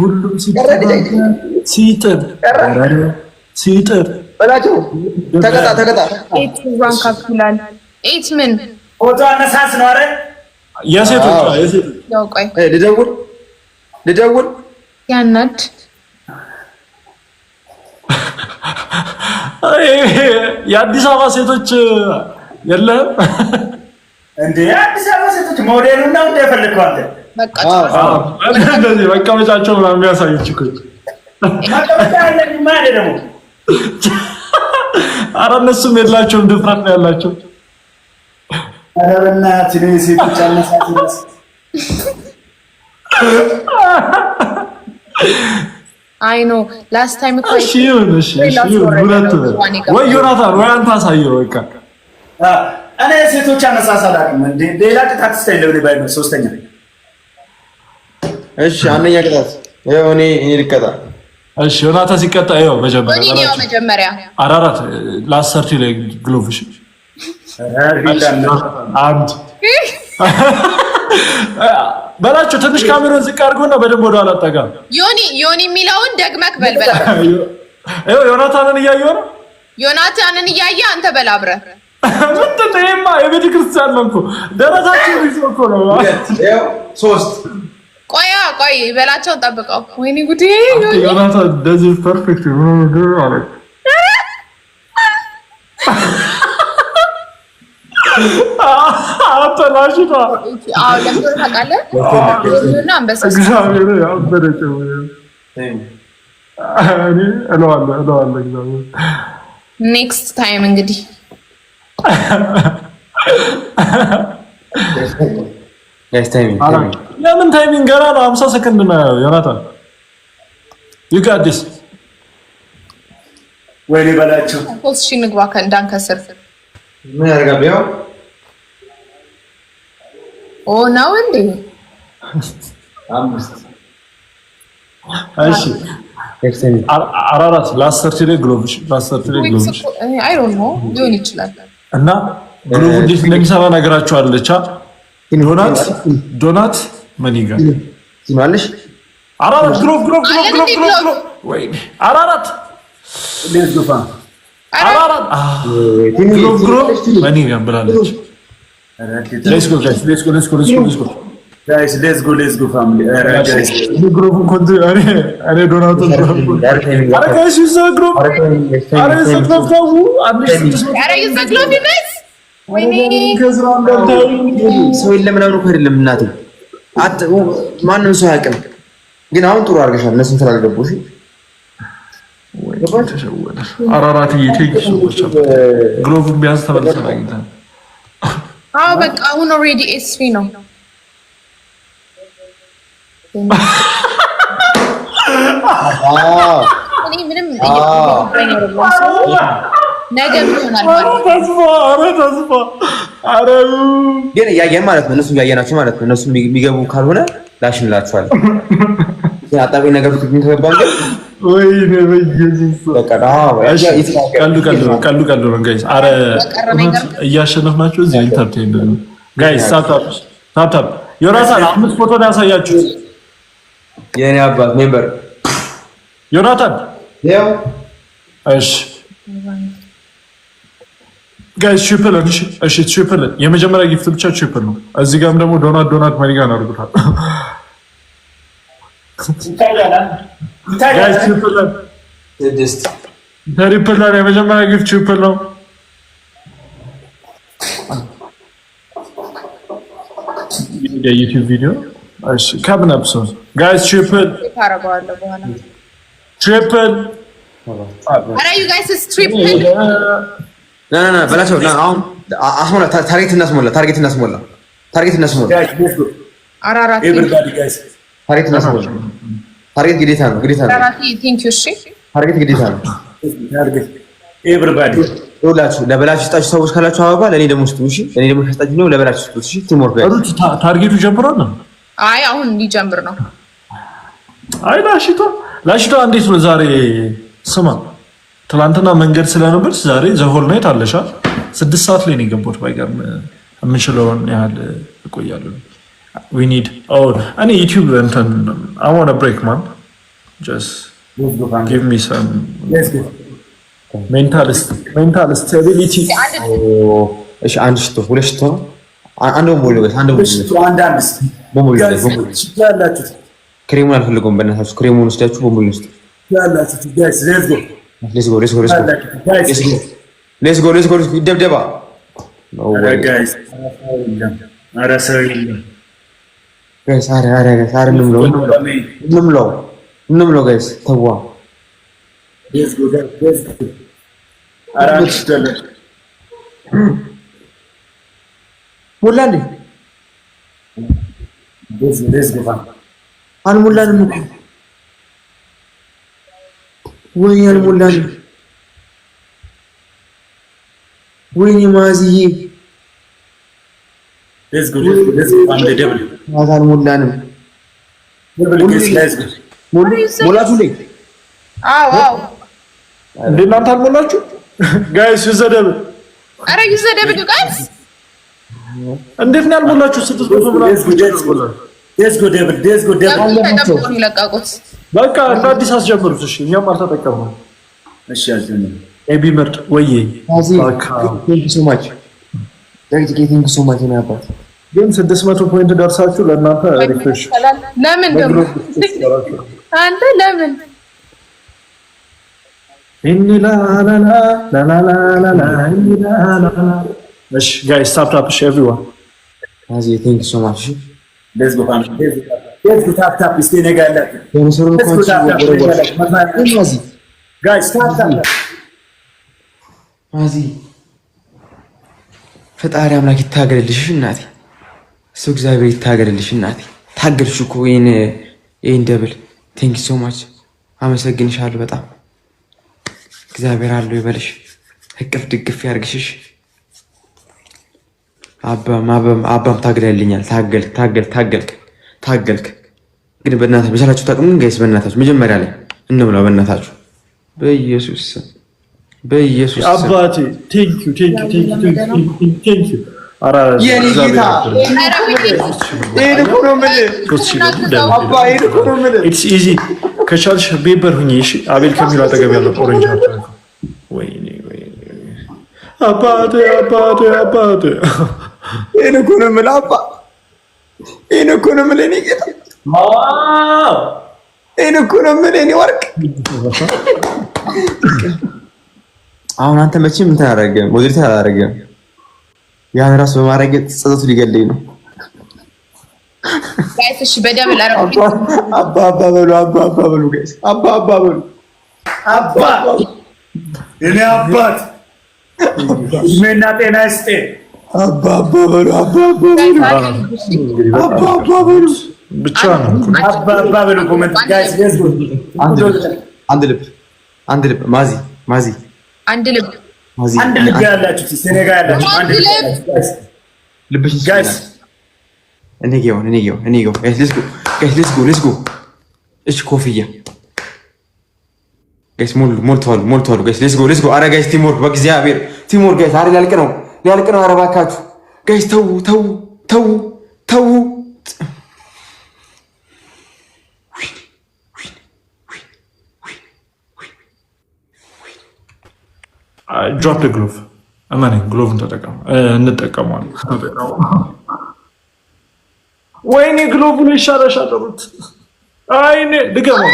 ሁሉም ሲጥብ ሲጥብ በላቸው። ተቀጣ ተቀጣ ካፕላል ኤት ምን ፎቶ አነሳስ ነው። አረ የሴቶች ልደውል ልደውል ያናድ የአዲስ አበባ ሴቶች የለህም እንዴ? የአዲስ አበባ ሴቶች ሞዴሉና እንደ መቀመጫቸው የሚያሳዩት ችግር አረ እነሱም የላቸውም፣ ድፍረት ነው ያላቸው። አይ ኖ ላስት ታይም እኮ እሺ፣ ይሁን እሺ፣ ሁለት ወይ ዮናታን ወይ አንተ አሳየው። በቃ እኔ ሴቶች አነሳሳላችሁ እንዴ ሌላ ቅጣት ስታይ ለብሬ ባይ ነው ሶስተኛ እሺ አንደኛ ቅጣት ይኸው እኔ እኔ ልቀጣ። እሺ ዮናታን ሲቀጣ ይኸው መጀመሪያ አራራት ላስት ሰርቲ ላይ ግሎቭሽ አንድ በላቸው። ትንሽ ካሜሮን ዝቅ አድርጎና በደንብ ወደ ኋላ ጠጋ። ዮኒ ዮኒ የሚለውን ደግመክ በልበል። ይኸው ዮናታንን እያየሁ ነው። ዮናታንን እያየ አንተ በላብረ አብረህ ምንድን ነው ይሄማ? የቤተክርስቲያን ነው እኮ ደረታችን ይዞ እኮ ነው። ሶስት ቆያ ቆይ በላቸውን ጠብቀው። ወይኔ ጉዴ! ዮናታ እንደዚህ ፐርፌክት ኔክስት ታይም እንግዲህ ጋይስ ታይሚንግ ለምን ታይሚንግ ገና ነው። 50 ሰከንድ ነው። ዮናታን ዩ ጋት ዲስ ወይኔ በላቸው። ሶስት ሺ ንግባ ከእንዳን እንዳንከስር ምን ያደርጋል? ያው ኦ ነው እንዴ አምስት እሺ አራራት ለአስር ቴሌ ግሎቭሽ ለአስር ቴሌ ግሎብሽ አይ ዶንት ኖ ሊሆን ይችላል እና ግሎቭ እንዴት እንደሚሰራ ነገራችኋለች። ዶናት ዶናት ምን ይጋል አራራት ግሮፍ ግሮፍ ግሮፍ ግሮፍ ግሮፍ ወይ አራራት ዱፋ አራራት ግሮፍ ግሮፍ ምን ብላለች። ሌትስ ጎ ሌትስ ጎ ሌትስ ጎ ሌትስ ጎ ጋይስ ሌትስ ጎ ሌትስ ጎ ሰው የለም ምናምን እኮ አይደለም እናቴ፣ ማንም ሰው አያውቅም። ግን አሁን ጥሩ አድርገሻል። እነሱም ስላልገቡሽ አራራት ግሎቡ ቢያንስ ተመልሰን አግኝተን በቃ አሁን ኦልሬዲ ኤስ ቪ ነው። ምንም ነገ ይሆናል። ተስፋ አረ ተስፋ አረ ግን እያየን ማለት ነው። እነሱ ማለት ነው። እነሱ የሚገቡ ካልሆነ ላሽ እንላችኋለን። አጣቢ ነገር ከተገባ ግን ወይ ቀልዱ ቀልዱ ነው ጋይስ። አረ እዚህ ጋይስ። ዮናታን አምስት ፎቶ ነው ያሳያችሁት። የኔ አባት ሜምበር ዮናታን ያው እሺ guys ችፕልን እሺ ችፕልን የመጀመሪያ ጊፍት ብቻ ችፕል ነው። እዚህ ጋርም ደግሞ ዶናት ዶናት መሪጋ እናደርጉታል። ትሪፕልን የመጀመሪያ ጊፍት ችፕል ነው። የዩቲዩብ ቪዲዮ ከብነብሶ ጋይስ ችፕል ችፕል በላቸው አሁን አሁን ታርጌት እናስሞላ ታርጌት እናስሞላ ታርጌት እናስሞላ ታርጌት ግዴታ ነው ግዴታ ነው ታርጌት ግዴታ ነው። ሁላችሁ ለበላችሁ ስጣችሁ ሰዎች ካላችሁ አበባ ለእኔ ደግሞ ስጡ። እሺ ለእኔ ደግሞ ለበላችሁ ስጡ። እሺ ቲሞር ታርጌቱ ጀምሯል። አይ አሁን ሊጀምር ነው። አይ ላሽቷ ላሽቷ እንዴት ነው ዛሬ ስማ ትናንትና መንገድ ስለነበር ዛሬ ዘሆል ናይት አለሻል። ስድስት ሰዓት ላይ ነው የገባሁት። ባይገርም የምንችለውን ያህል እቆያለሁ። ዊኒድ እኔ ዩቲዩብ እንትን ብሬክ ማን ሜንታል ስታቢሊቲ አንድ ሽቶ ሁለት ሽቶ አንድ አንድ ክሬሙን አልፈልገውም። በእናታችሁ ክሬሙን ወስዳችሁ ደብደባ እንምለው ጋይስ ተዋ ሞላ እንዴ አልሞላንም። ወይኔ አልሞላን፣ ወይኔ ማዝዬ አልሞላንም። ሞላቱ ላይ እናንተ አልሞላችሁ ጋይስ ጋይስ እንዴት ነው ያልሞላችሁ? ስድስት መቶ ምናምን ዴዝጎ ደብል ዴዝጎ ደብል ለቃቁት። በቃ እንደ አዲስ አስጀምሩት። እሺ እኛም አልተጠቀሙ። እሺ አስጀምሩ። ኤቢ ምርጥ ወይ ሶማች ጌቲንግ ሶማች ነው ያባት ግን ስድስት መቶ ፖይንት ደርሳችሁ ለእናንተ ሪፍሬሽ ለምን ደግሞ አንተ ለምን እሺ ጋይስ ታፕ ታፕ ኤቭሪዋን ቴንክ ሶ ማች ፈጣሪ አምላክ ይታገልልሽ እናቴ። እሱ እግዚአብሔር ይታገልልሽ እናቴ። ታገልሽ እኮ ይህን ደብል። ቴንክ ሶ ማች አመሰግንሻለሁ በጣም እግዚአብሔር አለው ይበልሽ። እቅፍ ድግፍ ያርግሽሽ። አባም ታግዳልኛል። ታገልክ ታገልክ ታገልክ ታገልክ። ግን በእናታችሁ በቻላችሁ ታቅም ጋይስ፣ በእናታችሁ መጀመሪያ ላይ እንብላ። በእናታችሁ በኢየሱስ በኢየሱስ አባቴ ቴንክ ዩ ቴንክ ዩ ቴንክ ዩ ከቻልሽ ቤበር ሁኚ። አቤል ከሚሉ አጠገብ ያለው ኦሬንጅ አባቴ አባቴ አባቴ ይህን እኮ ነው የምልህ አባ፣ ይህን እኮ ነው የምልህ እኔ ጌታ፣ ይህን እኮ ነው የምልህ እኔ ወርቅ። አሁን አንተ መቼም እንትን አላደረገም፣ ወደፊት አላደረገም። ያን ራሱ በማድረግ ጸጸቱ ሊገለኝ ነው። አባ በሉ፣ አባ በሉ፣ አባ አባ በሉ። አባ እኔ አባት ጤና ይስጤ አባባ በሉ አባባ በሉ አባባ በሉ ብቻ ነው አባባ በሉ። ጋይስ አንድ ልብ አንድ ልብ ማዚ ማዚ አንድ ልብ ማዚ አንድ ልብ ያላችሁ ሴኔጋል ያላችሁ አንድ ልብ ልብሽ ጋይስ እኔ ጌው እኔ ጌው እኔ ጌው ጋይስ ሌትስ ጎ ጋይስ ሌትስ ጎ ሌትስ ጎ እሺ ኮፍያ ጋይስ ሞልቷል ሞልቷል ጋይስ ሌትስ ጎ ሌትስ ጎ። ኧረ ጋይስ ቲም ወርክ በእግዚአብሔር ቲም ወርክ ጋይስ አረ ነው ሊያልቅ ነው። አረባካችሁ ጋይስ ተው ተው ተው ተው። ድሮፕ ግሎቭ እመኔ ግሎቭ እንጠቀመዋለን። ወይኔ ግሎቡን ይሻለሻል ሩት። አይኔ ድገመው።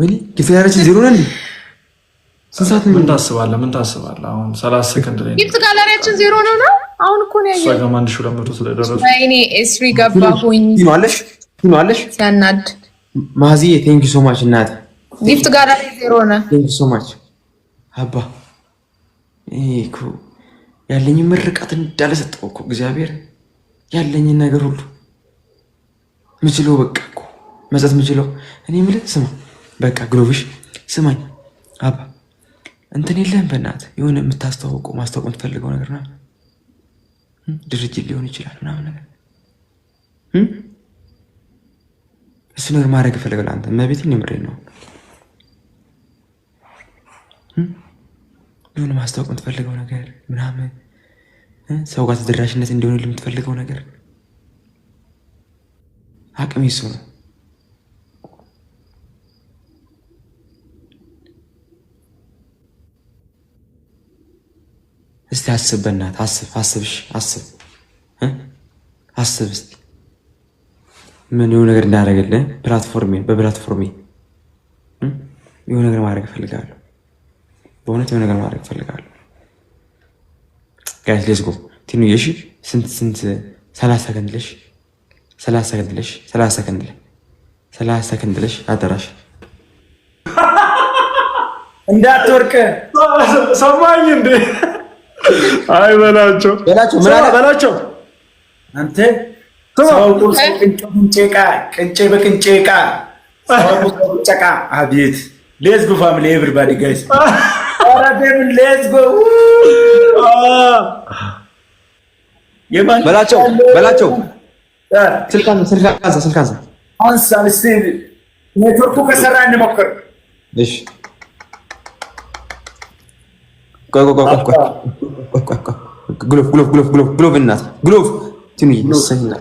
ወይኔ ጊዜ ያለች ዜሮ ነን ስንት ምን ታስባለህ? ምን ታስባለህ? አሁን ሰላሳ ሰከንድ ላይ ጊፍት ጋለሪያችን ዜሮ ነው ነው። አሁን እኮ ነው ያየው። ሰጋ ማንሽ ሁለት መቶ ስለደረሱ ወይኔ እስሪ ገባሁኝ። ይማለሽ ይማለሽ ሲያናድ ማዚ ቴንክ ዩ ሶ ማች እናት ጊፍት ጋለሪ ዜሮ ነው። ቴንክ ዩ ሶ ማች አባ እኮ ያለኝ ምርቃት እንዳለ ሰጠው እኮ እግዚአብሔር ያለኝን ነገር ሁሉ ምችለው በቃ እኮ መስጠት ምችለው እኔ የምልህ ስማ፣ በቃ ግሎብሽ ስማኝ አባ እንትን የለህም? በእናት የሆነ የምታስተዋውቀው ማስታወቅ የምትፈልገው ነገር ና ድርጅት ሊሆን ይችላል ምናምን ነገር እሱ ነገር ማድረግ እፈልጋለሁ። አንተ መቤቴን የምሬን ነው። የሆነ ማስታወቅ የምትፈልገው ነገር ምናምን ሰው ጋር ተደራሽነት እንዲሆን የምትፈልገው ነገር አቅም ይሱ ነው። እስቲ አስብ፣ በእናትህ አስብ፣ አስብሽ አስብ፣ አስብ እስቲ ምን የሆነ ነገር እንዳደረግልህ ፕላትፎርሜ በፕላትፎርሜ የሆነ ነገር ማድረግ እፈልጋለሁ። በእውነት የሆነ ነገር ማድረግ እፈልጋለሁ። ጋይስ ሌትስ ጎ ቲኑ የሺ ስንት ስንት ሰላሳ ሰከንድ ለሽ ሰላሳ ሰከንድ ለሽ ሰላሳ ሰከንድ ለሽ ሰላሳ ሰከንድ ለሽ አደራሽ እንዳትወርቅ ሰማኝ እንዴ አይ በላቸው በላቸው። አንተ ሰው ቁርስ ቅንጭ ቅንጨ በቅንጭ ቃ ጨቃ አቤት ሌትስ ጎ ፋሚሊ ኤቭሪባዲ ጋይስ ሌትስ ጎ በላቸው በላቸው። ስልክ አንሳ ስልክ አንሳ። ኔትወርኩ ከሰራ እንሞክር። እሺ ቆይ ቆይ ቆይ ቆይ ቆይ ቆይ ግሎቭ ግሎቭ ግሎቭ ግሎቭ እናት ግሎቭ ትንሽ ይሰኛል።